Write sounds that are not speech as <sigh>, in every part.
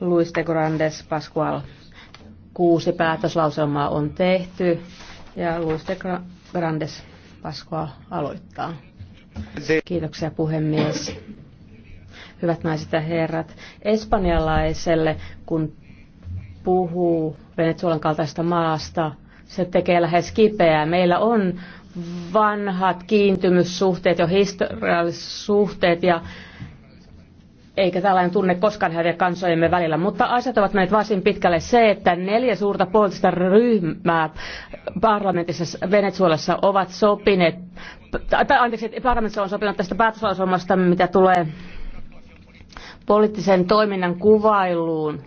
Luis de Grandes Pascual. Kuusi päätöslauselmaa on tehty ja Luis de Grandes Pascual aloittaa. Kiitoksia puhemies. Hyvät naiset ja herrat, espanjalaiselle kun puhuu Venezuelan kaltaista maasta, se tekee lähes kipeää. Meillä on vanhat kiintymyssuhteet ja historialliset suhteet ja eikä tällainen tunne koskaan häviä kansojemme välillä. Mutta asiat ovat menneet varsin pitkälle se, että neljä suurta poliittista ryhmää parlamentissa Venezuelassa ovat sopineet, tai anteeksi, parlamentissa on sopinut tästä päätöslausumasta, mitä tulee poliittisen toiminnan kuvailuun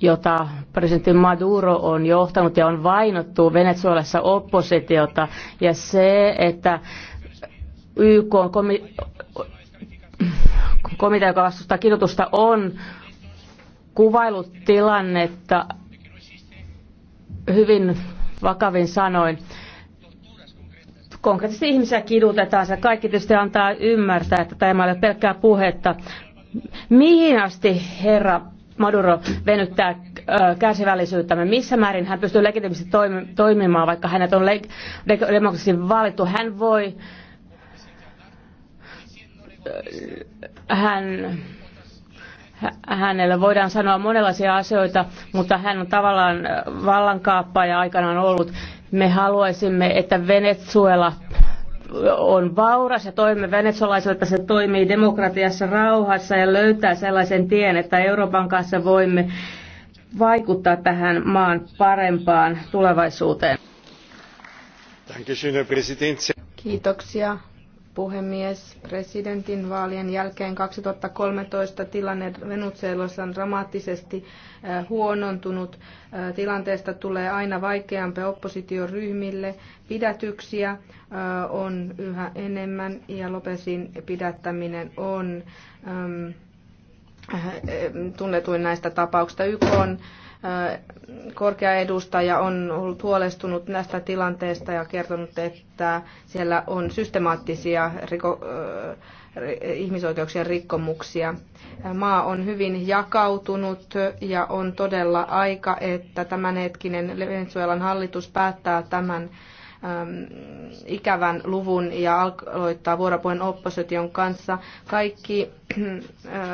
jota presidentti Maduro on johtanut ja on vainottu Venezuelassa oppositiota ja se, että YK komitea, joka vastustaa kidutusta, on kuvailut tilannetta hyvin vakavin sanoin. Konkreettisesti ihmisiä kidutetaan. Se kaikki tietysti antaa ymmärtää, että tämä ei ole pelkkää puhetta. Mihin asti herra Maduro venyttää kärsivällisyyttämme, missä määrin hän pystyy legitimisesti toimimaan, vaikka hänet on demokraattisesti valittu. Hän voi Äh, hän hänelle voidaan sanoa monenlaisia asioita, mutta hän on tavallaan äh, vallankaappaaja aikanaan ollut. Me haluaisimme, että Venezuela on vauras ja toimme Venezuelaisella, että se toimii demokratiassa rauhassa ja löytää sellaisen tien, että Euroopan kanssa voimme vaikuttaa tähän maan parempaan tulevaisuuteen. Kiitoksia puhemies. Presidentin vaalien jälkeen 2013 tilanne Venezuelassa on dramaattisesti äh, huonontunut. Äh, tilanteesta tulee aina vaikeampi oppositioryhmille. Pidätyksiä äh, on yhä enemmän ja Lopesin pidättäminen on tunnetuin näistä tapauksista. YK on korkea edustaja on ollut huolestunut näistä tilanteesta ja kertonut, että siellä on systemaattisia riko, ihmisoikeuksien rikkomuksia. Maa on hyvin jakautunut ja on todella aika, että tämänhetkinen Venezuelan hallitus päättää tämän ikävän luvun ja aloittaa vuoropuheen opposition kanssa. Kaikki <clears throat>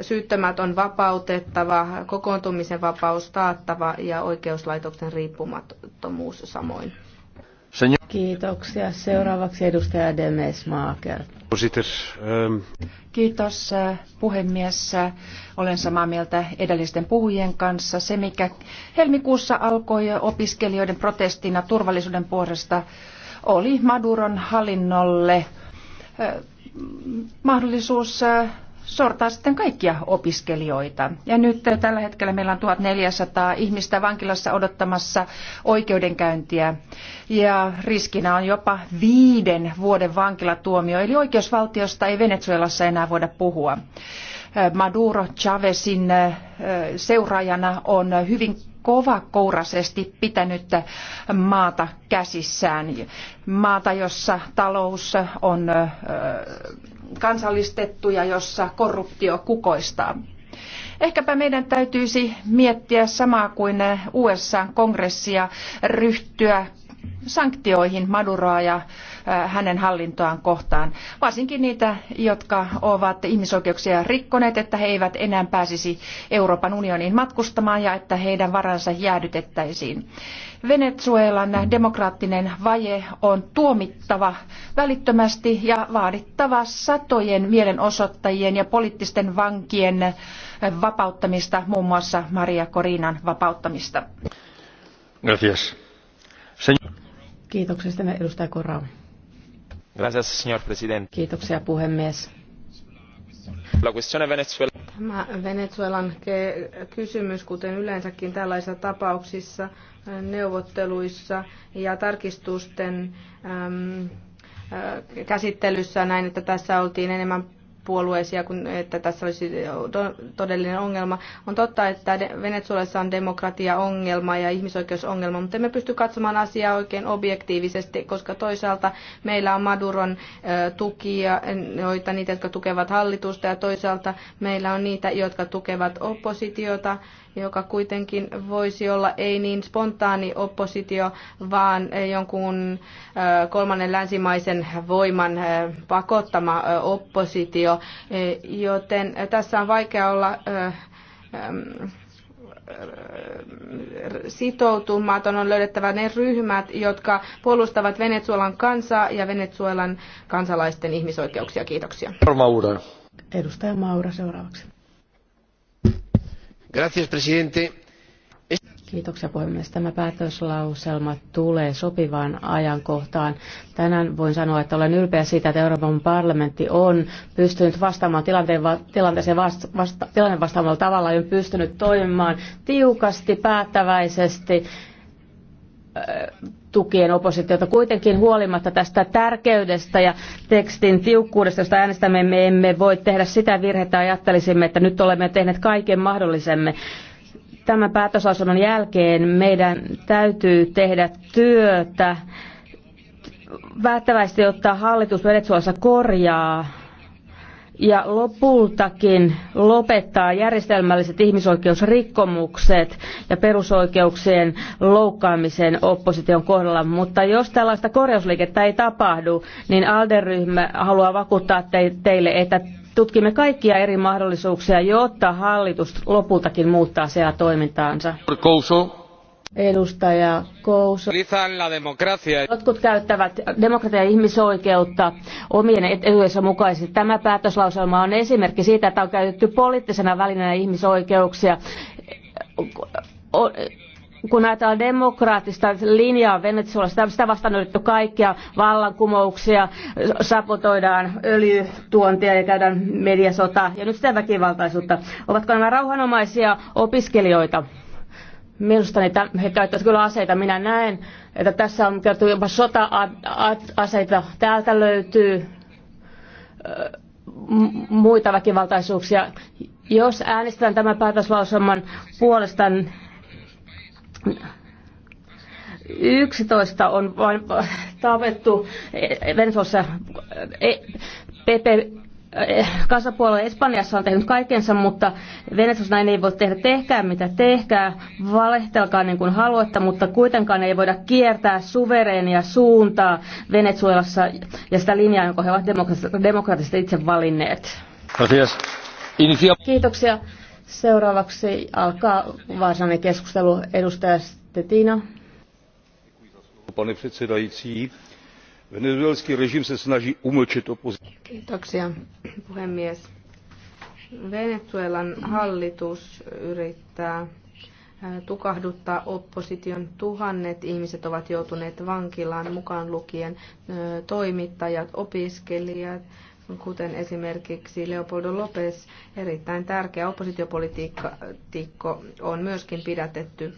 syyttömät on vapautettava, kokoontumisen vapaus taattava ja oikeuslaitoksen riippumattomuus samoin. Kiitoksia. Seuraavaksi edustaja Demes Maaker. Ähm. Kiitos äh, puhemies. Olen samaa mieltä edellisten puhujien kanssa. Se, mikä helmikuussa alkoi opiskelijoiden protestina turvallisuuden puolesta, oli Maduron hallinnolle äh, mahdollisuus äh, sortaa sitten kaikkia opiskelijoita. Ja nyt tällä hetkellä meillä on 1400 ihmistä vankilassa odottamassa oikeudenkäyntiä. Ja riskinä on jopa viiden vuoden vankilatuomio, eli oikeusvaltiosta ei Venezuelassa enää voida puhua. Maduro Chavezin seuraajana on hyvin kourasesti pitänyt maata käsissään. Maata, jossa talous on kansallistettu ja jossa korruptio kukoistaa. Ehkäpä meidän täytyisi miettiä samaa kuin USA-kongressia ryhtyä sanktioihin Maduroa ja hänen hallintoaan kohtaan, varsinkin niitä, jotka ovat ihmisoikeuksia rikkoneet, että he eivät enää pääsisi Euroopan unioniin matkustamaan ja että heidän varansa jäädytettäisiin. Venezuelan demokraattinen vaje on tuomittava välittömästi ja vaadittava satojen mielenosoittajien ja poliittisten vankien vapauttamista, muun muassa Maria Corinan vapauttamista. Gracias. Sen... Kiitoksia. edustaja Korau. Gracias, señor presidente. Kiitoksia puhemies. La Venezuela. Tämä Venezuelan kysymys, kuten yleensäkin tällaisissa tapauksissa, äh, neuvotteluissa ja tarkistusten äm, äh, käsittelyssä näin, että tässä oltiin enemmän puolueisia, kun että tässä olisi todellinen ongelma. On totta, että Venezuelassa on demokratiaongelma ja ihmisoikeusongelma, mutta emme pysty katsomaan asiaa oikein objektiivisesti, koska toisaalta meillä on Maduron tukia, joita niitä, jotka tukevat hallitusta, ja toisaalta meillä on niitä, jotka tukevat oppositiota joka kuitenkin voisi olla ei niin spontaani oppositio, vaan jonkun kolmannen länsimaisen voiman pakottama oppositio. E, joten tässä on vaikea olla sitoutumaton on löydettävä ne ryhmät, jotka puolustavat Venezuelan kansaa ja Venezuelan kansalaisten ihmisoikeuksia. Kiitoksia. Edustaja Maura seuraavaksi. Kiitoksia puhemies. Tämä päätöslauselma tulee sopivaan ajankohtaan. Tänään voin sanoa, että olen ylpeä siitä, että Euroopan parlamentti on pystynyt vastaamaan tilanteen, tilanteeseen vasta, vasta, vastaamalla tavalla ja on pystynyt toimimaan tiukasti, päättäväisesti tukien oppositiota. Kuitenkin huolimatta tästä tärkeydestä ja tekstin tiukkuudesta, josta äänestämme, me emme voi tehdä sitä virhettä, ajattelisimme, että nyt olemme tehneet kaiken mahdollisemme. Tämän päätösasunnon jälkeen meidän täytyy tehdä työtä, välttävästi ottaa hallitus Venezuelassa korjaa ja lopultakin lopettaa järjestelmälliset ihmisoikeusrikkomukset ja perusoikeuksien loukkaamisen opposition kohdalla. Mutta jos tällaista korjausliikettä ei tapahdu, niin ALDE-ryhmä haluaa vakuuttaa teille, että tutkimme kaikkia eri mahdollisuuksia, jotta hallitus lopultakin muuttaa siellä toimintaansa edustaja Kouso. Jotkut käyttävät demokratia- ja ihmisoikeutta omien etujensa mukaisesti. Tämä päätöslauselma on esimerkki siitä, että on käytetty poliittisena välineenä ihmisoikeuksia. Kun ajatellaan demokraattista linjaa Venezuelassa, sitä vastaan on yritetty kaikkia vallankumouksia, sapotoidaan öljytuontia ja käydään mediasota ja nyt sitä väkivaltaisuutta. Ovatko nämä rauhanomaisia opiskelijoita? Minusta niitä, he käyttävät kyllä aseita. Minä näen, että tässä on kerrottu jopa sota-aseita. Täältä löytyy muita väkivaltaisuuksia. Jos äänestän tämän päätöslausuman puolesta, 11 on vain äh, tapettu e-, Venezuelassa e-, Eh, kansapuolue Espanjassa on tehnyt kaikensa, mutta Venezuelassa näin ei voi tehdä. Tehkää mitä tehkää, valehtelkaa niin kuin haluatte, mutta kuitenkaan ei voida kiertää suvereenia suuntaa Venezuelassa ja sitä linjaa, jonka he ovat demokraattisesti itse valinneet. Kiitoksia. Seuraavaksi alkaa varsinainen keskustelu edustaja Stetina. Pane předsedající, venezuelský režim se snaží umlčet opozici. puhemies. Venezuelan hallitus yrittää tukahduttaa opposition. Tuhannet ihmiset ovat joutuneet vankilaan mukaan lukien toimittajat, opiskelijat, kuten esimerkiksi Leopoldo López erittäin tärkeä oppositiopolitiikko, on myöskin pidätetty.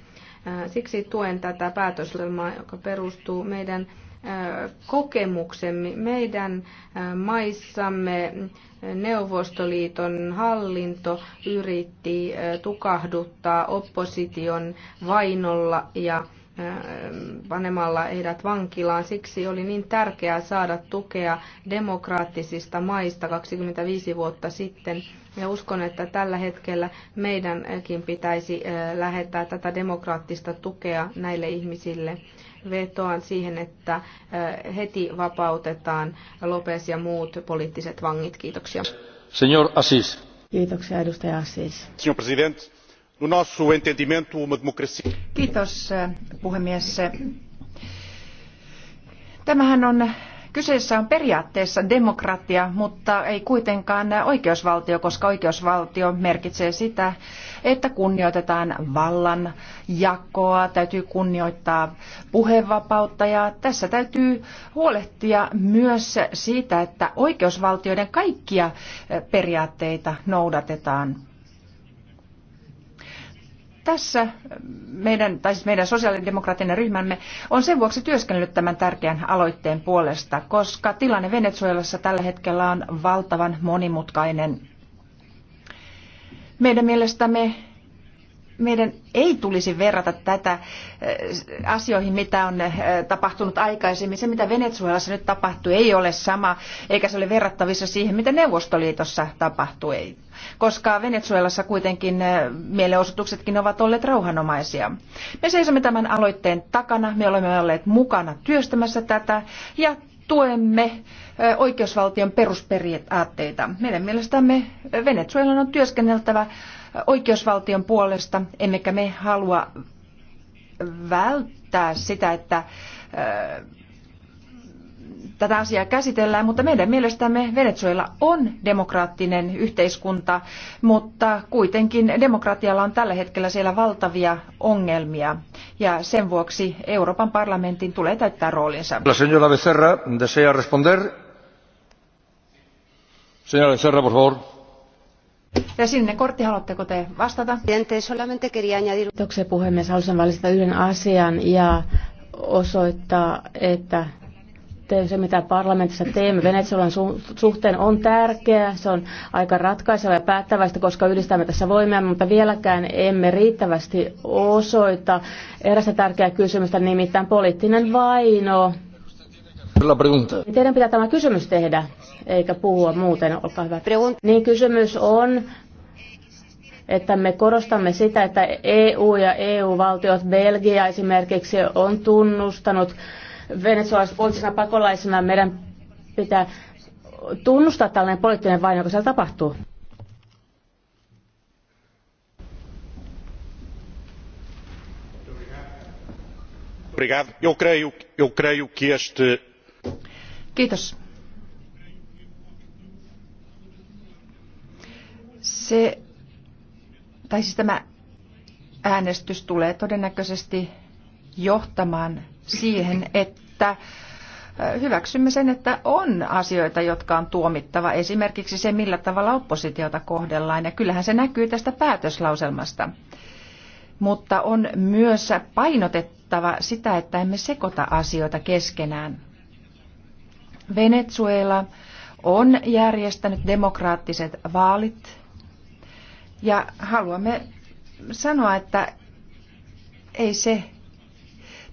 Siksi tuen tätä päätöslelmaa, joka perustuu meidän kokemuksemme meidän maissamme Neuvostoliiton hallinto yritti tukahduttaa opposition vainolla ja panemalla heidät vankilaan. Siksi oli niin tärkeää saada tukea demokraattisista maista 25 vuotta sitten. Ja uskon, että tällä hetkellä meidänkin pitäisi lähettää tätä demokraattista tukea näille ihmisille vetoan siihen, että heti vapautetaan Lopes ja muut poliittiset vangit. Kiitoksia. Senor Assis. Kiitoksia, edustaja Assis. Senor president, no nosso entendimento, uma democracia. Kiitos, puhemies. Tämähän on Kyseessä on periaatteessa demokratia, mutta ei kuitenkaan oikeusvaltio, koska oikeusvaltio merkitsee sitä, että kunnioitetaan vallan jakoa, täytyy kunnioittaa puhevapautta ja tässä täytyy huolehtia myös siitä, että oikeusvaltioiden kaikkia periaatteita noudatetaan tässä meidän, tai siis meidän sosiaalidemokraattinen ryhmämme on sen vuoksi työskennellyt tämän tärkeän aloitteen puolesta, koska tilanne Venezuelassa tällä hetkellä on valtavan monimutkainen. Meidän mielestämme meidän ei tulisi verrata tätä äh, asioihin, mitä on äh, tapahtunut aikaisemmin. Se, mitä Venezuelassa nyt tapahtui, ei ole sama, eikä se ole verrattavissa siihen, mitä Neuvostoliitossa tapahtui, koska Venezuelassa kuitenkin äh, mielenosoituksetkin ovat olleet rauhanomaisia. Me seisomme tämän aloitteen takana, me olemme olleet mukana työstämässä tätä ja tuemme oikeusvaltion perusperiaatteita. Meidän mielestämme Venezuelan on työskenneltävä oikeusvaltion puolesta, emmekä me halua välttää sitä, että äh, tätä asiaa käsitellään, mutta meidän mielestämme Venezuela on demokraattinen yhteiskunta, mutta kuitenkin demokratialla on tällä hetkellä siellä valtavia ongelmia ja sen vuoksi Euroopan parlamentin tulee täyttää roolinsa. La señora Becerra desea responder. Señora Becerra, por favor. Ja sinne kortti, haluatteko te vastata? Kiitoksia puhemies. Haluaisin valita yhden asian ja osoittaa, että se, mitä parlamentissa teemme Venezuelan suhteen, on tärkeää. Se on aika ratkaiseva ja päättäväistä, koska yhdistämme tässä voimia, mutta vieläkään emme riittävästi osoita erästä tärkeää kysymystä, nimittäin poliittinen vaino niin teidän pitää tämä kysymys tehdä, eikä puhua muuten, olkaa hyvä. Niin kysymys on, että me korostamme sitä, että EU ja EU-valtiot, Belgia esimerkiksi, on tunnustanut venezuelaiset poliittisena pakolaisena. Meidän pitää tunnustaa tällainen poliittinen vaino, joka siellä tapahtuu. eu creio que este Kiitos. Se, tai siis tämä äänestys tulee todennäköisesti johtamaan siihen, että hyväksymme sen, että on asioita, jotka on tuomittava. Esimerkiksi se, millä tavalla oppositiota kohdellaan. Ja kyllähän se näkyy tästä päätöslauselmasta. Mutta on myös painotettava sitä, että emme sekoita asioita keskenään. Venezuela on järjestänyt demokraattiset vaalit ja haluamme sanoa, että ei se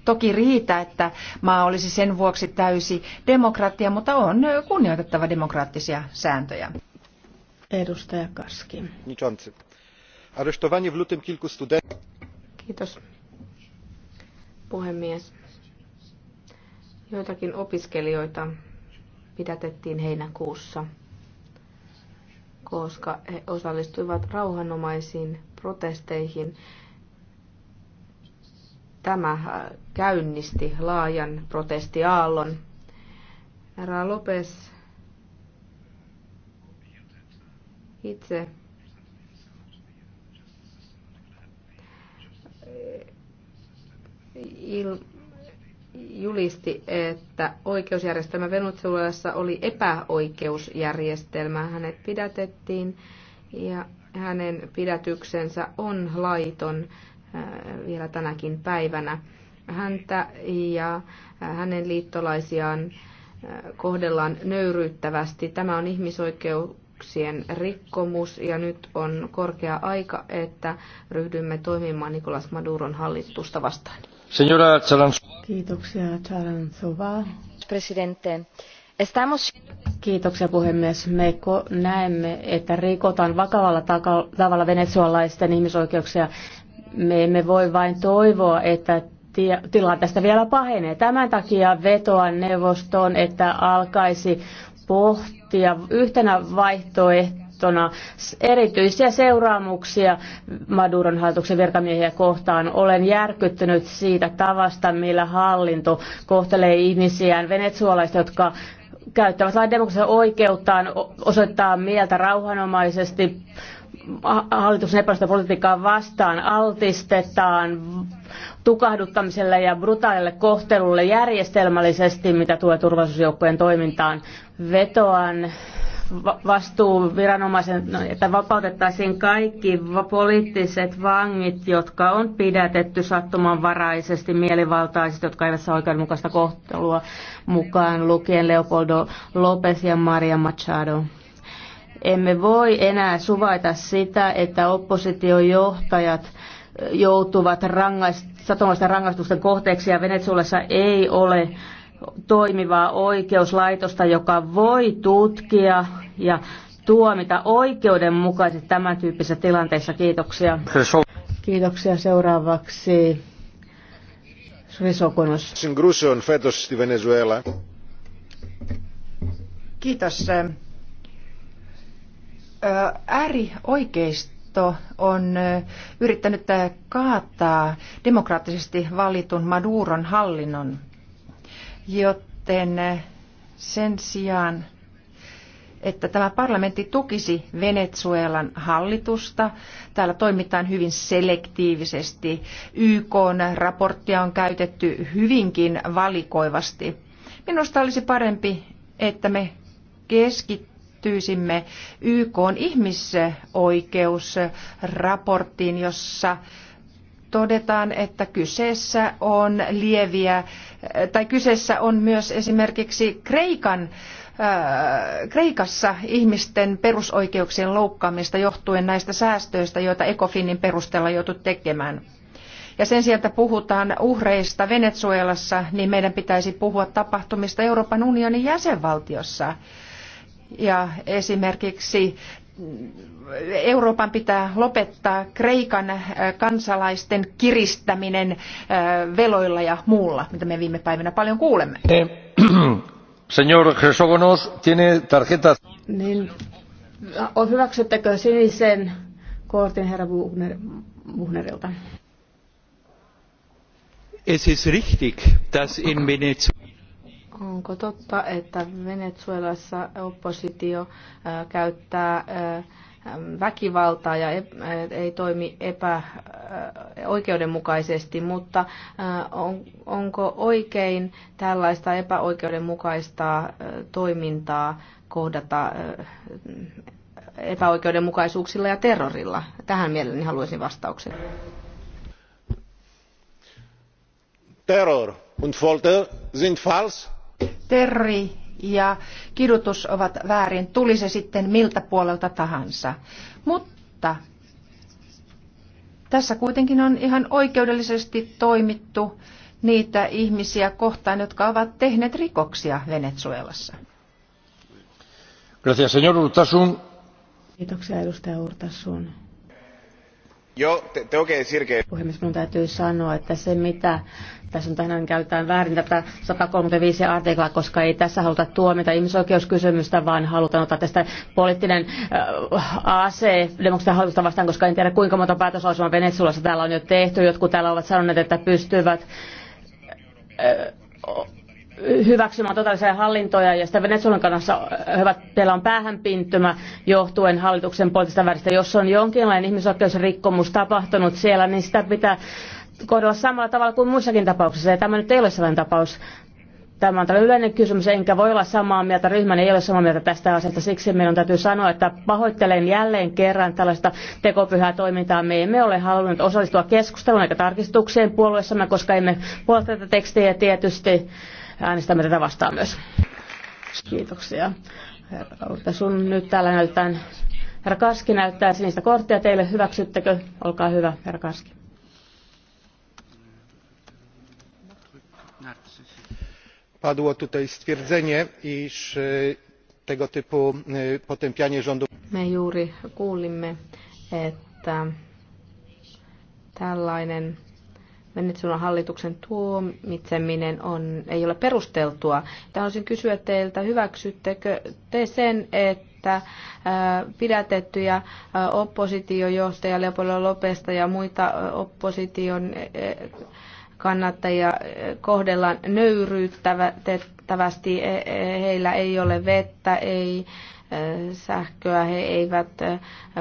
toki riitä, että maa olisi sen vuoksi täysi demokratia, mutta on kunnioitettava demokraattisia sääntöjä. Edustaja Kaski. Aresztowanie w lutym kilku studentów. Kiitos, puhemies. Joitakin opiskelijoita pidätettiin heinäkuussa, koska he osallistuivat rauhanomaisiin protesteihin. Tämä äh, käynnisti laajan protestiaallon. Herra Lopes itse eh, il, julisti, että oikeusjärjestelmä Venezuelassa oli epäoikeusjärjestelmä. Hänet pidätettiin ja hänen pidätyksensä on laiton äh, vielä tänäkin päivänä. Häntä ja äh, hänen liittolaisiaan äh, kohdellaan nöyryyttävästi. Tämä on ihmisoikeuksien rikkomus ja nyt on korkea aika, että ryhdymme toimimaan Nicolas Maduron hallitusta vastaan. Señora Kiitoksia, Kiitoksia puhemies. Me näemme, että rikotaan vakavalla tavalla venezuelalaisten ihmisoikeuksia. Me emme voi vain toivoa, että tila tästä vielä pahenee. Tämän takia vetoan neuvostoon, että alkaisi pohtia yhtenä vaihtoehtona verrattuna erityisiä seuraamuksia Maduron hallituksen virkamiehiä kohtaan. Olen järkyttynyt siitä tavasta, millä hallinto kohtelee ihmisiään, venezuelaiset, jotka käyttävät lain demokratian oikeuttaan osoittaa mieltä rauhanomaisesti hallituksen epäilystä politiikkaa vastaan altistetaan tukahduttamiselle ja brutaalille kohtelulle järjestelmällisesti, mitä tulee turvallisuusjoukkojen toimintaan. Vetoan vastuuviranomaisen, no, että vapautettaisiin kaikki poliittiset vangit, jotka on pidätetty sattumanvaraisesti mielivaltaisesti, jotka eivät saa oikeudenmukaista kohtelua mukaan lukien Leopoldo Lopez ja Maria Machado. Emme voi enää suvaita sitä, että oppositiojohtajat eh, joutuvat rangaist- sattumanvaraisten rangaistusten kohteeksi ja Venezuelassa ei ole toimivaa oikeuslaitosta, joka voi tutkia ja tuomita oikeudenmukaisesti tämän tyyppisissä tilanteissa. Kiitoksia. Kiitoksia seuraavaksi. Risokonos. Συγκρούσεων φέτος στη Kiitos. on yrittänyt kaataa demokraattisesti valitun Maduron hallinnon joten eh, sen sijaan, että tämä parlamentti tukisi Venezuelan hallitusta. Täällä toimitaan hyvin selektiivisesti. YK raporttia on käytetty hyvinkin valikoivasti. Minusta olisi parempi, että me keskittyisimme YK ihmisoikeusraporttiin, jossa todetaan, että kyseessä on lieviä, tai kyseessä on myös esimerkiksi Kreikan äh, Kreikassa ihmisten perusoikeuksien loukkaamista johtuen näistä säästöistä, joita Ecofinin perusteella joutu tekemään. Ja sen sijaan, että puhutaan uhreista Venezuelassa, niin meidän pitäisi puhua tapahtumista Euroopan unionin jäsenvaltiossa. Ja esimerkiksi Euroopan pitää lopettaa Kreikan äh, kansalaisten kiristäminen äh, veloilla ja muulla, mitä me viime päivinä paljon kuulemme. Eh, <clears throat> señor Chrysogonos, tiene tarjeta. Niin, hyväksyttekö sinisen kortin herra Buchner, Buchnerilta? Es ist richtig, dass in Venezuela Onko totta, että Venezuelassa oppositio käyttää väkivaltaa ja ei toimi epäoikeudenmukaisesti, mutta onko oikein tällaista epäoikeudenmukaista toimintaa kohdata epäoikeudenmukaisuuksilla ja terrorilla? Tähän mielelläni haluaisin vastauksen. Terror und Folter sind falsch Terri ja kidutus ovat väärin, tuli se sitten miltä puolelta tahansa. Mutta tässä kuitenkin on ihan oikeudellisesti toimittu niitä ihmisiä kohtaan, jotka ovat tehneet rikoksia Venezuelassa. Gracias, señor Urtasun. Kiitoksia, edustaja Urtasun. Joo, te, te oikein sirkeä. Puhemies, minun täytyy sanoa, että se mitä tässä on tänään käytetään väärin tätä 135 artiklaa, koska ei tässä haluta tuomita ihmisoikeuskysymystä, vaan halutaan ottaa tästä poliittinen äh, ase demokraattista hallitusta vastaan, koska en tiedä kuinka monta päätöslausumaa Venezuelassa täällä on jo tehty. Jotkut täällä ovat sanoneet, että pystyvät äh, hyväksymään totaalisia hallintoja ja sitä Venezuelan kannassa hyvät, teillä on päähänpintymä johtuen hallituksen poliittisesta väristä. Jos on jonkinlainen ihmisoikeusrikkomus tapahtunut siellä, niin sitä pitää kohdella samalla tavalla kuin muissakin tapauksissa. Ja tämä nyt ei ole sellainen tapaus. Tämä on tällainen yleinen kysymys, enkä voi olla samaa mieltä, ryhmän ei ole samaa mieltä tästä asiasta, siksi minun täytyy sanoa, että pahoittelen jälleen kerran tällaista tekopyhää toimintaa. Me emme ole halunneet osallistua keskusteluun eikä tarkistukseen puolueessamme, koska emme puolta tätä tekstiä tietysti äänestämme tätä vastaan myös. Kiitoksia. Herra, sun nyt täällä näyttää, herra Kaski näyttää sinistä korttia teille. Hyväksyttekö? Olkaa hyvä, herra Kaski. Padło tutaj stwierdzenie, iż e, tego typu e, potępianie rządu. Me juuri kuulimme, että tällainen menetsunnan hallituksen tuomitseminen on, ei ole perusteltua. Haluaisin kysyä teiltä, hyväksyttekö te sen, että äh, pidätettyjä äh, oppositiojohtaja Leopoldo Lopesta ja muita äh, opposition kannattajia kohdellaan nöyryyttävästi. E, e, heillä ei ole vettä, ei sähköä, he eivät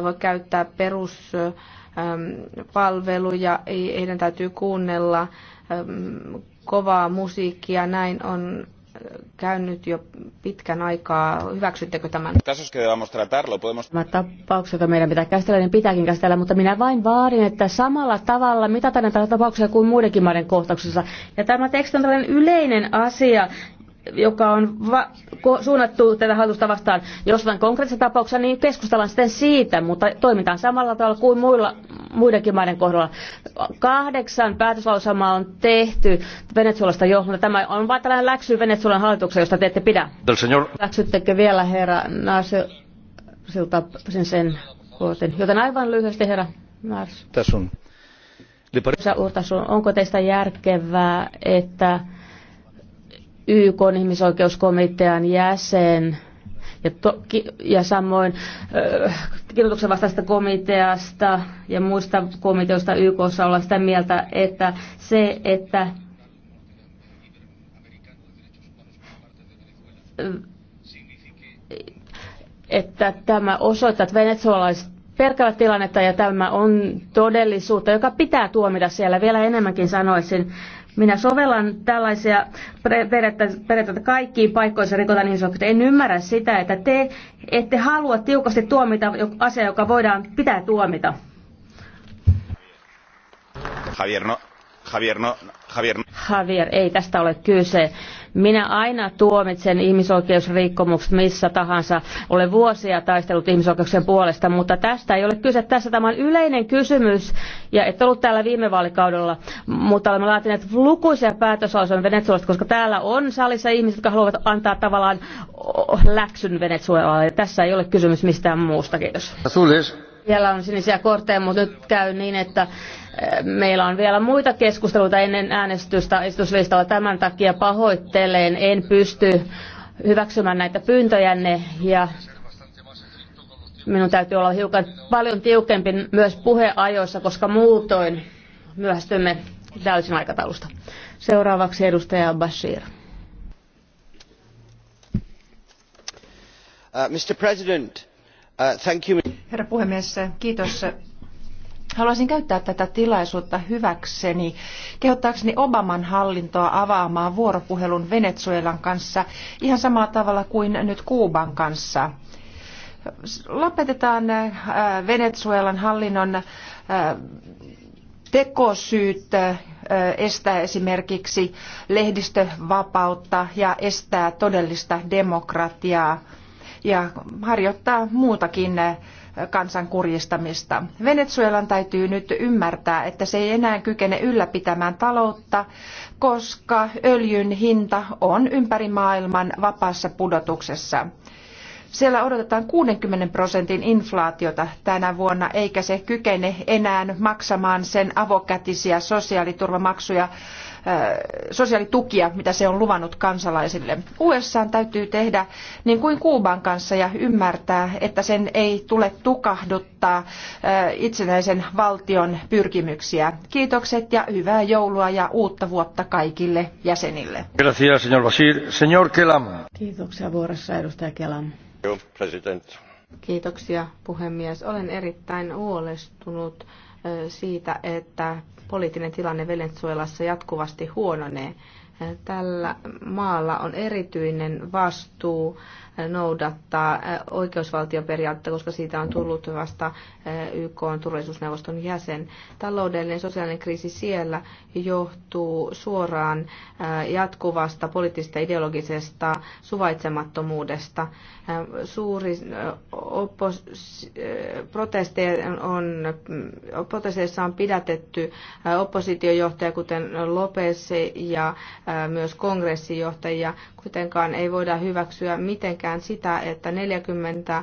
voi käyttää perus Ähm, palveluja, heidän täytyy kuunnella ähm, kovaa musiikkia, näin on äh, käynyt jo pitkän aikaa. Hyväksyttekö tämän? Tämä jota meidän pitää käsitellä, niin pitääkin käsitellä, mutta minä vain vaadin, että samalla tavalla mitataan näitä tapauksia kuin muidenkin maiden kohtauksessa. Ja tämä teksti on tällainen yleinen asia, joka on va- suunnattu tätä hallitusta vastaan jossain konkreettisessa tapauksessa, niin keskustellaan sitten siitä, mutta toimitaan samalla tavalla kuin muilla, muidenkin maiden kohdalla. Kahdeksan päätöslausamaa on tehty Venezuelasta johtuen. Tämä on vain tällainen läksy Venezuelan hallituksen, josta te ette pidä. Señor... Läksyttekö vielä herra Nasilta sen, sen kuoten? Joten aivan lyhyesti herra Nars. Tässä on. Onko teistä järkevää, että YK ihmisoikeuskomitean jäsen ja, to, ki, ja samoin äh, kirjoituksen vastaista komiteasta ja muista komiteoista YKssa olla sitä mieltä, että se, että äh, että tämä osoittaa, että venezuelalaiset perkävät tilannetta ja tämä on todellisuutta, joka pitää tuomita siellä. Vielä enemmänkin sanoisin, minä sovellan tällaisia periaatteita kaikkiin paikkoihin, se rikotaan niin sanottu. En ymmärrä sitä, että te ette halua tiukasti tuomita asia, joka voidaan pitää tuomita. Javier, no, Javier, no, Javier. Javier, ei tästä ole kyse. Minä aina tuomitsen ihmisoikeusrikkomukset missä tahansa. Olen vuosia taistellut ihmisoikeuksien puolesta, mutta tästä ei ole kyse. Tässä tämä on yleinen kysymys, ja et ollut täällä viime vaalikaudella, mutta olemme laatineet lukuisia päätöslauselmia Venezuelasta, koska täällä on salissa ihmiset, jotka haluavat antaa tavallaan läksyn Venezuelalle. Tässä ei ole kysymys mistään muusta. Kiitos. Asulis. Siellä on sinisiä kortteja, mutta nyt käy niin, että äh, meillä on vielä muita keskusteluita ennen äänestystä istuslistalla. Tämän takia pahoitteleen, en pysty hyväksymään näitä pyyntöjänne ja minun täytyy olla hiukan paljon tiukempi myös puheajoissa, koska muutoin myöhästymme täysin aikataulusta. Seuraavaksi edustaja Bashir. Uh, Mr. President, Uh, Herra puhemies, kiitos. Haluaisin käyttää tätä tilaisuutta hyväkseni, kehottaakseni Obaman hallintoa avaamaan vuoropuhelun Venezuelan kanssa ihan samalla tavalla kuin nyt Kuuban kanssa. Lopetetaan äh, Venezuelan hallinnon äh, tekosyyt äh, estää esimerkiksi lehdistövapautta ja estää todellista demokratiaa ja harjoittaa muutakin eh, kansan kurjistamista. Venezuelan täytyy nyt ymmärtää, että se ei enää kykene ylläpitämään taloutta, koska öljyn hinta on ympäri maailman vapaassa pudotuksessa. Siellä odotetaan 60 prosentin inflaatiota tänä vuonna, eikä se kykene enää maksamaan sen avokätisiä sosiaaliturvamaksuja, sosiaalitukia, mitä se on luvannut kansalaisille. USA täytyy tehdä niin kuin Kuuban kanssa ja ymmärtää, että sen ei tule tukahduttaa itsenäisen valtion pyrkimyksiä. Kiitokset ja hyvää joulua ja uutta vuotta kaikille jäsenille. Gracias, señor Basir. Señor Kelam. Kiitoksia vuorossa edustaja Kelam. Kiitoksia puhemies. Olen erittäin huolestunut siitä, että poliittinen tilanne Venezuelassa jatkuvasti huononee. Tällä maalla on erityinen vastuu noudattaa oikeusvaltioperiaatteita, koska siitä on tullut vasta YK on turvallisuusneuvoston jäsen. Taloudellinen sosiaalinen kriisi siellä johtuu suoraan jatkuvasta poliittisesta ideologisesta suvaitsemattomuudesta. Suuri oppos, on, protesteissa on pidätetty oppositiojohtaja, kuten Lopez ja myös kongressijohtajia. Kuitenkaan ei voida hyväksyä mitenkään pelkään sitä, että 40 äh,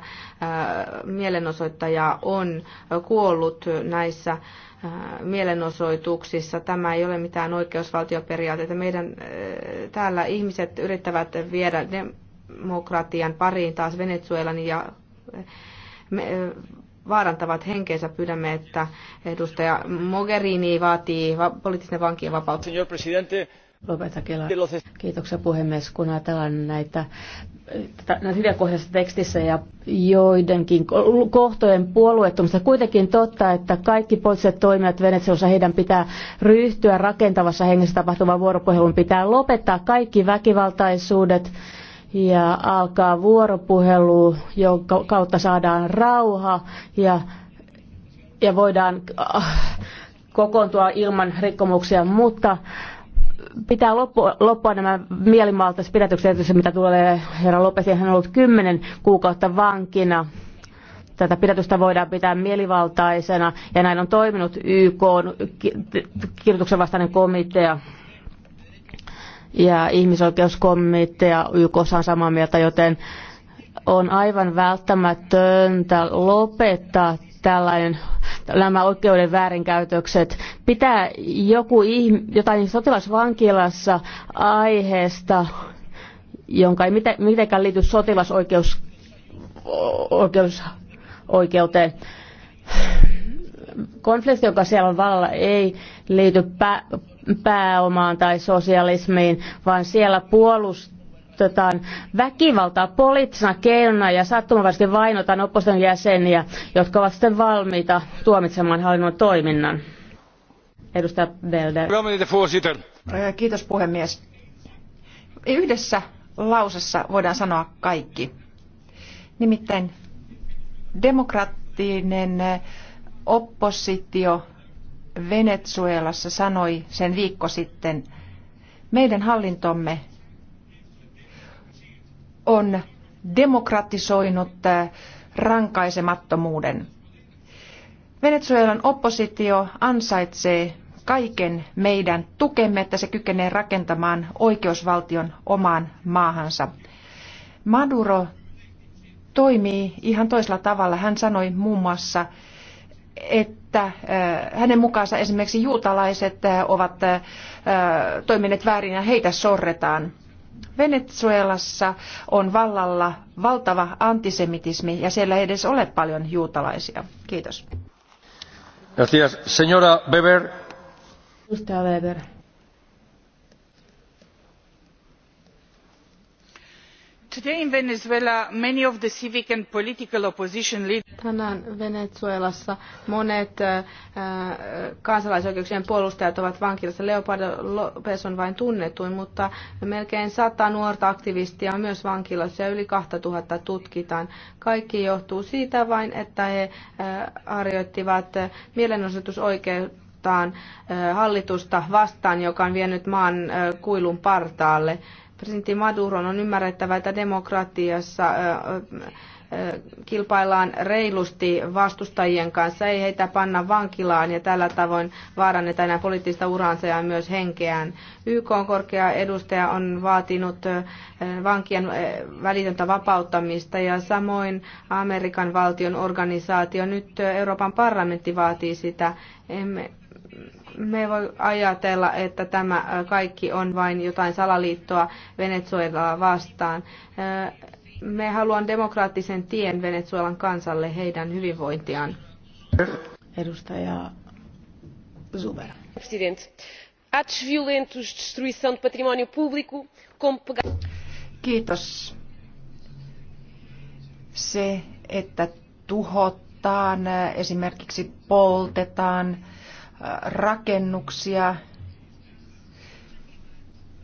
mielenosoittajaa on kuollut näissä äh, mielenosoituksissa. Tämä ei ole mitään oikeusvaltioperiaatteita. Meidän äh, täällä ihmiset yrittävät viedä demokratian pariin taas Venezuelan ja me, vaarantavat henkeensä. Pyydämme, että edustaja Mogherini vaatii poliittisen vankien vapautta. Señor presidente, Lopeta Kela. Kiitoksia puhemies. Kun ajatellaan näitä, näitä hyviä kohdassa tekstissä ja joidenkin kohtojen puolueettomista, kuitenkin totta, että kaikki poliittiset toimijat Venezuelassa heidän pitää ryhtyä rakentavassa hengessä tapahtuvaan vuoropuheluun. Pitää lopettaa kaikki väkivaltaisuudet ja alkaa vuoropuhelu, jonka kautta saadaan rauha ja, ja voidaan ah, kokoontua ilman rikkomuksia, mutta pitää loppua, loppua nämä mielimaltaiset pidätykset, mitä tulee herra Lopesi. Hän on ollut kymmenen kuukautta vankina. Tätä pidätystä voidaan pitää mielivaltaisena ja näin on toiminut YK kirjoituksen vastainen komitea ja ihmisoikeuskomitea YK on samaa mieltä, joten on aivan välttämätöntä lopettaa tällainen, nämä oikeuden väärinkäytökset. Pitää joku jotain sotilasvankilassa aiheesta, jonka ei mitenkään liity sotilasoikeus oikeus, oikeuteen. Konflikti, joka siellä on vallalla, ei liity pää, pääomaan tai sosialismiin, vaan siellä puolustaa käytetään väkivaltaa poliittisena keinona ja sattumanvaraisesti vainotaan opposition jäseniä, jotka ovat sitten valmiita tuomitsemaan hallinnon toiminnan. Edustaja Belder. Kiitos puhemies. Yhdessä lausessa voidaan sanoa kaikki. Nimittäin demokraattinen oppositio Venezuelassa sanoi sen viikko sitten, meidän hallintomme on demokratisoinut äh, rankaisemattomuuden. Venezuelan oppositio ansaitsee kaiken meidän tukemme, että se kykenee rakentamaan oikeusvaltion omaan maahansa. Maduro toimii ihan toisella tavalla. Hän sanoi muun muassa, että äh, hänen mukaansa esimerkiksi juutalaiset äh, ovat toimineet väärin ja heitä sorretaan. Venezuelassa on vallalla valtava antisemitismi ja siellä ei edes ole paljon juutalaisia. Kiitos. Gracias. Señora Weber. Weber. Today in Venezuela, many of the civic and political opposition leaders... Tänään Venezuelassa monet äh, äh, kansalaisoikeuksien puolustajat ovat vankilassa. Leopoldo Lopez on vain tunnetuin, mutta melkein sata nuorta aktivistia on myös vankilassa ja yli 2000 tutkitaan. Kaikki johtuu siitä vain, että he äh, harjoittivat äh, mielenosoitusoikeutta hallitusta vastaan, joka on vienyt maan kuilun partaalle presidentti Maduron on ymmärrettävä, että demokratiassa kilpaillaan reilusti vastustajien kanssa, ei heitä panna vankilaan ja tällä tavoin vaarannetaan enää poliittista uraansa ja myös henkeään. YK on korkea edustaja on vaatinut vankien välitöntä vapauttamista ja samoin Amerikan valtion organisaatio, nyt Euroopan parlamentti vaatii sitä. Emme me voi ajatella, että tämä kaikki on vain jotain salaliittoa Venezuelaa vastaan. Me haluan demokraattisen tien Venezuelan kansalle heidän hyvinvointiaan. Edustaja Zuber. President, Atos violentos, destruição de património público, como pegar... Kiitos. Se, että tuhotaan, esimerkiksi poltetaan, rakennuksia.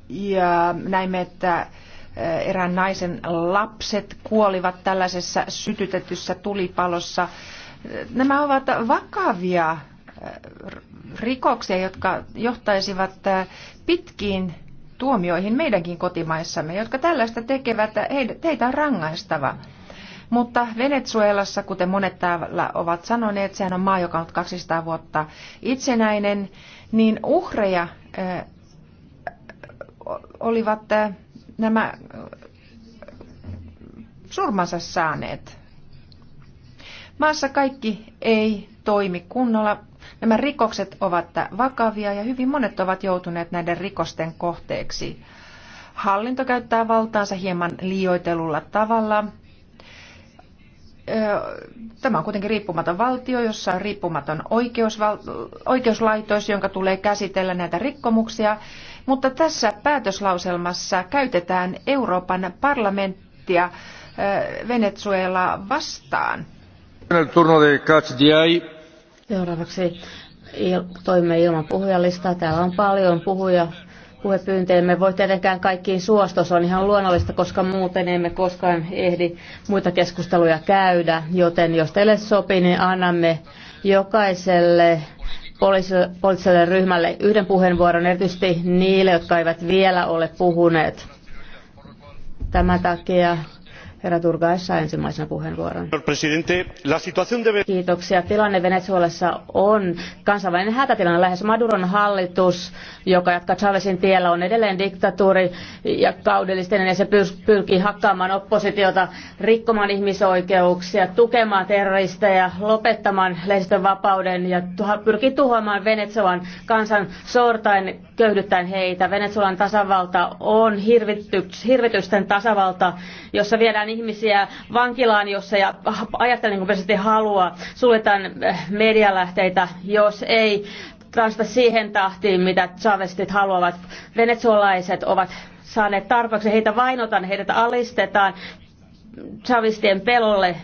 Ja näimme, että eh, erään naisen lapset kuolivat tällaisessa sytytetyssä tulipalossa. Nämä ovat vakavia eh, rikoksia, jotka johtaisivat eh, pitkiin tuomioihin meidänkin kotimaissamme, jotka tällaista tekevät, heitä on rangaistava. Mutta Venezuelassa, kuten monet täällä ovat sanoneet, sehän on maa, joka on 200 vuotta itsenäinen, niin uhreja eh, olivat eh, nämä eh, surmansa saaneet. Maassa kaikki ei toimi kunnolla. Nämä rikokset ovat vakavia ja hyvin monet ovat joutuneet näiden rikosten kohteeksi. Hallinto käyttää valtaansa hieman liioitelulla tavalla Tämä on kuitenkin riippumaton valtio, jossa on riippumaton oikeuslaitos, jonka tulee käsitellä näitä rikkomuksia. Mutta tässä päätöslauselmassa käytetään Euroopan parlamenttia Venezuelaa vastaan. Seuraavaksi toimme ilman puhujalistaa. Täällä on paljon puhuja puhepyyntöjä. Me voi tietenkään kaikkiin suostua, se on ihan luonnollista, koska muuten emme koskaan ehdi muita keskusteluja käydä. Joten jos teille sopii, niin annamme jokaiselle poliittiselle ryhmälle yhden puheenvuoron, erityisesti niille, jotka eivät vielä ole puhuneet. Tämän takia Herra Turgais saa ensimmäisenä puheenvuoron. Kiitoksia. Tilanne Venezuelassa on kansainvälinen hätätilanne. Lähes Maduron hallitus, joka jatkaa Chavezin tiellä, on edelleen diktatuuri ja kaudellistinen ja se pyrkii hakkaamaan oppositiota, rikkomaan ihmisoikeuksia, tukemaan terroristeja, lopettamaan lehdistön vapauden ja pyrkii tuhoamaan Venezuelan kansan sortain, köyhdyttäen heitä. Venezuelan tasavalta on hirvitysten tasavalta, jossa viedään ihmisiä vankilaan, jossa ja ajattelen niin kuin presidentti haluaa, suljetaan eh, medialähteitä, jos ei tanssita siihen tahtiin, mitä chavistit haluavat. Venezuelaiset ovat saaneet tarpeeksi, heitä vainotaan, heidät alistetaan chavistien pelolle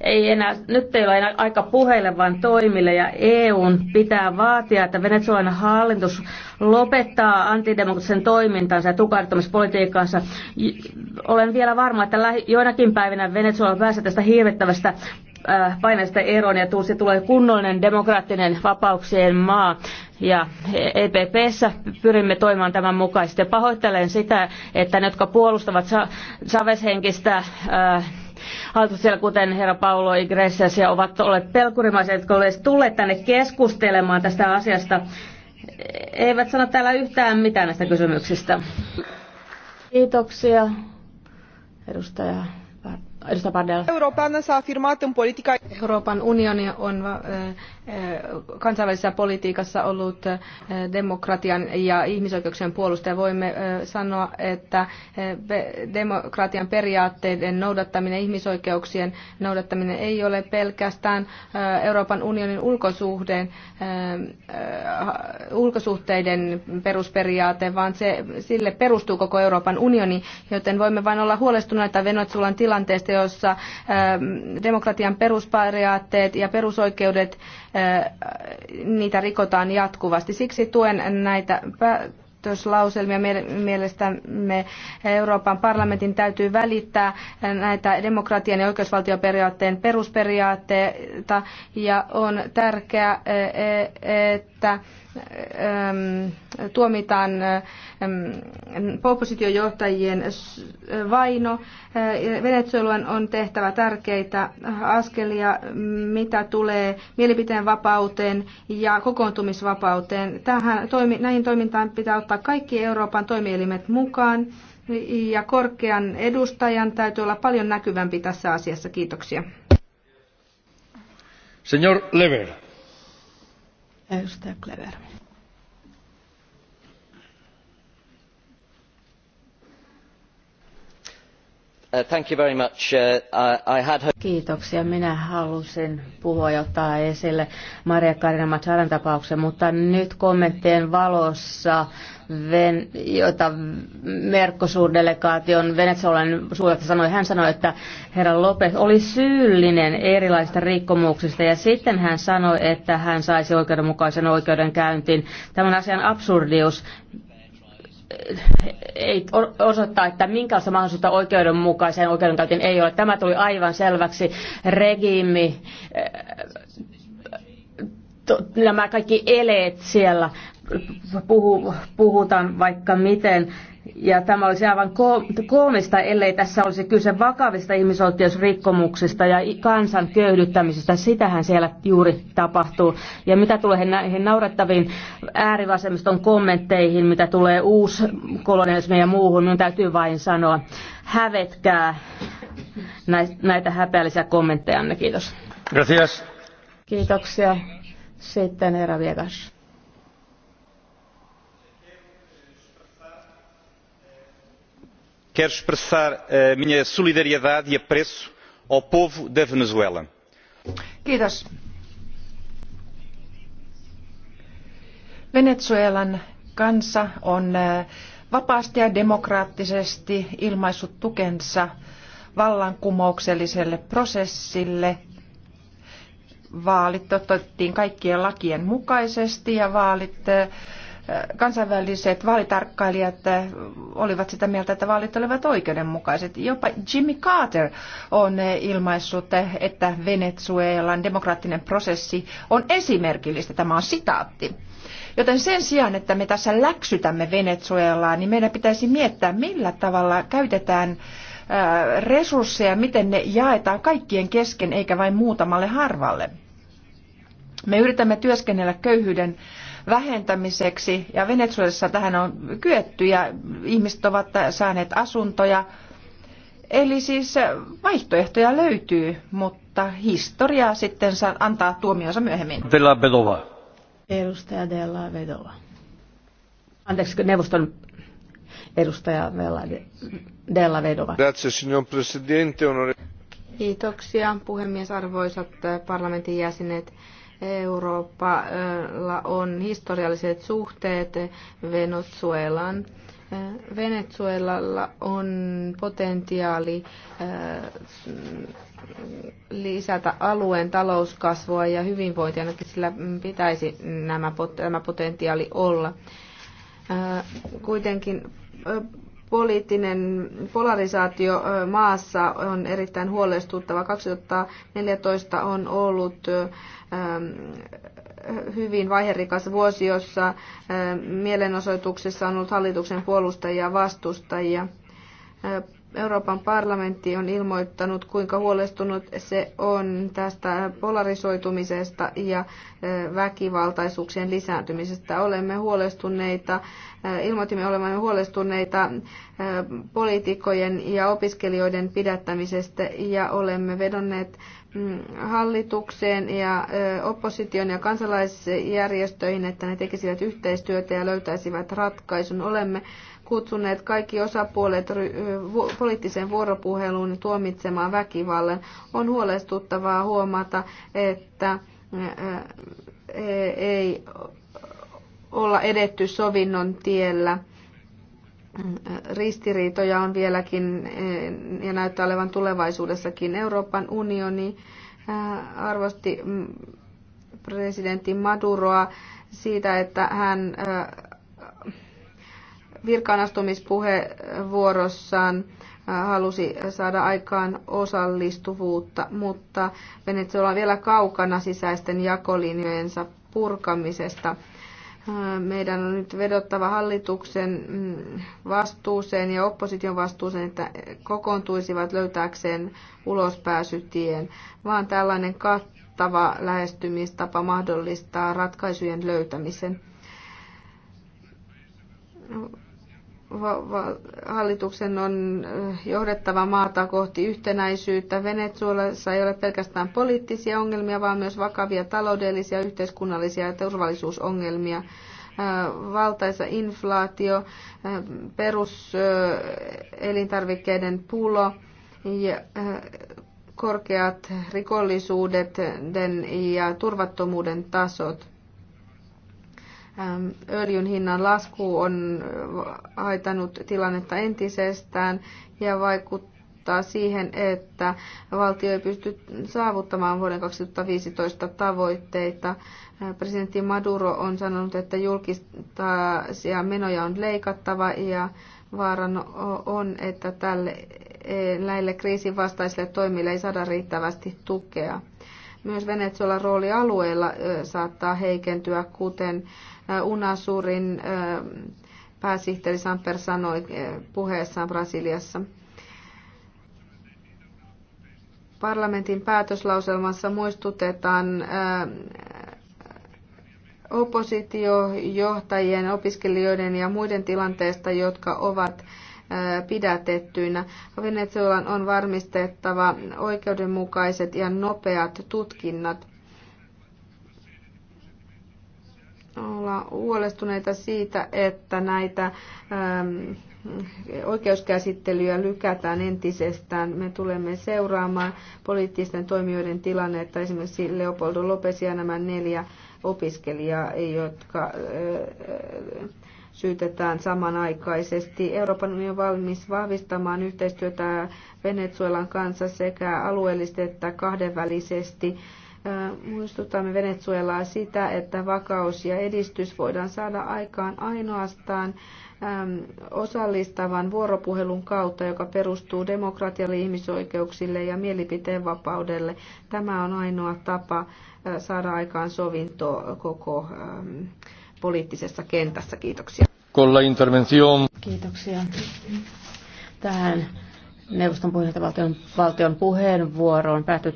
ei enää, nyt ei ole enää aika puheille, vaan toimille ja EUn pitää vaatia, että Venezuelan hallitus lopettaa antidemokraattisen toimintansa ja tukahduttamispolitiikkaansa. Olen vielä varma, että joinakin päivinä Venezuela pääsee tästä hirvittävästä äh, paineesta eroon ja se tulee kunnollinen demokraattinen vapauksien maa. Ja EPPssä pyrimme toimimaan tämän mukaisesti. Pahoittelen sitä, että ne, jotka puolustavat Saveshenkistä äh, hallitus siellä, kuten herra Paulo Igressias, ja ovat olleet pelkurimaiset, jotka olisivat tulleet tänne keskustelemaan tästä asiasta, eivät sano täällä yhtään mitään näistä kysymyksistä. Kiitoksia, edustaja Euroopan unioni on äh, äh, kansainvälisessä politiikassa ollut äh, demokratian ja ihmisoikeuksien puolustaja. Voimme sanoa, että demokratian periaatteiden noudattaminen, ihmisoikeuksien noudattaminen ei ole pelkästään Euroopan unionin ulkosuhteen, ulkosuhteiden perusperiaate, vaan se, sille perustuu koko Euroopan unioni, joten voimme vain olla huolestuneita Venezuelan tilanteesta, jossa ähm, demokratian perusperiaatteet ja perusoikeudet, äh, niitä rikotaan jatkuvasti. Siksi tuen näitä päätöslauselmia. Mielestämme Euroopan parlamentin täytyy välittää näitä demokratian ja oikeusvaltioperiaatteen perusperiaatteita ja on tärkeää, e, e, että Ähm, tuomitaan ähm, oppositiojohtajien äh, vaino. Äh, Venezuelan on tehtävä tärkeitä askelia, mitä tulee mielipiteen vapauteen ja kokoontumisvapauteen. Tähän, näihin toimintaan pitää ottaa kaikki Euroopan toimielimet mukaan ja korkean edustajan täytyy olla paljon näkyvämpi tässä asiassa. Kiitoksia. Señor Lever. Edustaja Klever. Kiitoksia. Minä halusin puhua jotain esille Maria Karina Macharan tapauksen, mutta nyt kommenttien valossa, ven, jota Merkkosuurdelegaation Venezuelan suuretta sanoi, hän sanoi, että herra Lopez oli syyllinen erilaisista rikkomuksista ja sitten hän sanoi, että hän saisi oikeudenmukaisen oikeudenkäyntiin. Tämän asian absurdius ei osoittaa, että minkälaista mahdollisuutta oikeudenmukaiseen oikeudenkäyntiin ei ole. Tämä tuli aivan selväksi. Regiimi, eh, nämä kaikki eleet siellä, puhutaan vaikka miten ja tämä olisi aivan koomista, ellei tässä olisi kyse vakavista ihmisoikeusrikkomuksista ja kansan köyhdyttämisestä. Sitähän siellä juuri tapahtuu. Ja mitä tulee näihin naurettaviin äärivasemmiston kommentteihin, mitä tulee uuskolonialismiin ja muuhun, minun täytyy vain sanoa, hävetkää näitä häpeällisiä kommentteja. Kiitos. Gracias. Kiitoksia. Sitten Era Viegas. quero expressar eh, a minha solidariedade e apreço ao povo da venezuela. venezuelan kansa on eh, vapaasti ja demokraattisesti ilmaissut tukensa vallankumoukselliselle prosessille. vaalit toteutettiin kaikkien lakien mukaisesti ja vaalit eh, kansainväliset vaalitarkkailijat eh, olivat sitä mieltä, että vaalit olivat oikeudenmukaiset. Jopa Jimmy Carter on eh, ilmaissut, eh, että Venezuelan demokraattinen prosessi on esimerkillistä. Tämä on sitaatti. Joten sen sijaan, että me tässä läksytämme Venezuelaa, niin meidän pitäisi miettiä, millä tavalla käytetään resursseja, miten ne jaetaan kaikkien kesken eikä vain muutamalle harvalle. Me yritämme työskennellä köyhyyden vähentämiseksi ja Venezuelassa tähän on kyetty ja ihmiset ovat saaneet asuntoja. Eli siis vaihtoehtoja löytyy, mutta historia sitten antaa tuomionsa myöhemmin. Della Vedova. Edustaja Della Vedova. Anteeksi, neuvoston edustaja Della Vedova. Grazie, signor Presidente. Kiitoksia, puhemies, arvoisat eh, parlamentin jäsenet. Euroopalla on historialliset suhteet Venezuelan. Venezuelalla on potentiaali äh, lisätä alueen talouskasvua ja hyvinvointia, ainakin sillä pitäisi nämä, tämä potentiaali olla. Äh, kuitenkin äh, poliittinen polarisaatio maassa on erittäin huolestuttava. 2014 on ollut hyvin vaiherikas vuosi, jossa mielenosoituksessa on ollut hallituksen puolustajia ja vastustajia. Euroopan parlamentti on ilmoittanut, kuinka huolestunut se on tästä polarisoitumisesta ja väkivaltaisuuksien lisääntymisestä. Olemme huolestuneita, ilmoitimme olemme huolestuneita poliitikkojen ja opiskelijoiden pidättämisestä ja olemme vedonneet mm, hallitukseen ja opposition ja kansalaisjärjestöihin, että ne tekisivät yhteistyötä ja löytäisivät ratkaisun. Olemme kutsuneet kaikki osapuolet poliittiseen vuoropuheluun ja tuomitsemaan väkivallan. On huolestuttavaa huomata, että e, ei olla edetty sovinnon tiellä. Ristiriitoja on vieläkin e, ja näyttää olevan tulevaisuudessakin. Euroopan unioni arvosti mm, presidentti Maduroa siitä, että hän virkaanastumispuheenvuorossaan halusi saada aikaan osallistuvuutta, mutta Venezuela on vielä kaukana sisäisten jakolinjojensa purkamisesta. Meidän on nyt vedottava hallituksen mm, vastuuseen ja opposition vastuuseen, että kokoontuisivat löytääkseen ulospääsytien, vaan tällainen kattava lähestymistapa mahdollistaa ratkaisujen löytämisen hallituksen on eh, johdettava maata kohti yhtenäisyyttä. Venezuelassa ei ole pelkästään poliittisia ongelmia, vaan myös vakavia taloudellisia, yhteiskunnallisia ja turvallisuusongelmia. Eh, valtaisa inflaatio, eh, peruselintarvikkeiden pulo ja korkeat rikollisuudet ja turvattomuuden tasot Ähm, öljyn hinnan lasku on äh, haitanut tilannetta entisestään ja vaikuttaa siihen, että valtio ei pysty saavuttamaan vuoden 2015 tavoitteita. Äh, presidentti Maduro on sanonut, että julkisia menoja on leikattava ja vaaran on, että tälle, e, näille kriisin vastaisille toimille ei saada riittävästi tukea. Myös Venezuelan rooli alueella saattaa heikentyä, kuten Äh, UNASURin äh, pääsihteeri Samper sanoi äh, puheessaan Brasiliassa. Parlamentin päätöslauselmassa muistutetaan oppositiojohtajien, opiskelijoiden ja muiden tilanteesta, jotka ovat pidätettyinä. Venezuelan on varmistettava oikeudenmukaiset ja nopeat tutkinnat. olla huolestuneita siitä, että näitä äm, oikeuskäsittelyjä lykätään entisestään. Me tulemme seuraamaan poliittisten toimijoiden tilannetta, esimerkiksi Leopoldo Lopes ja nämä neljä opiskelijaa, jotka ää, äh, äh, syytetään samanaikaisesti. Euroopan unioni on valmis vahvistamaan yhteistyötä Venezuelan kanssa sekä alueellisesti että kahdenvälisesti Äh, muistutamme Venezuelaa sitä, että vakaus ja edistys voidaan saada aikaan ainoastaan osallistavan vuoropuhelun kautta, joka perustuu demokratialle, ihmisoikeuksille ja mielipiteenvapaudelle. Tämä on ainoa tapa äh, saada aikaan sovinto koko poliittisessa kentässä. Kiitoksia. Kiitoksia. Tähän neuvoston puheenjohtajavaltion valtion puheenvuoroon päätyy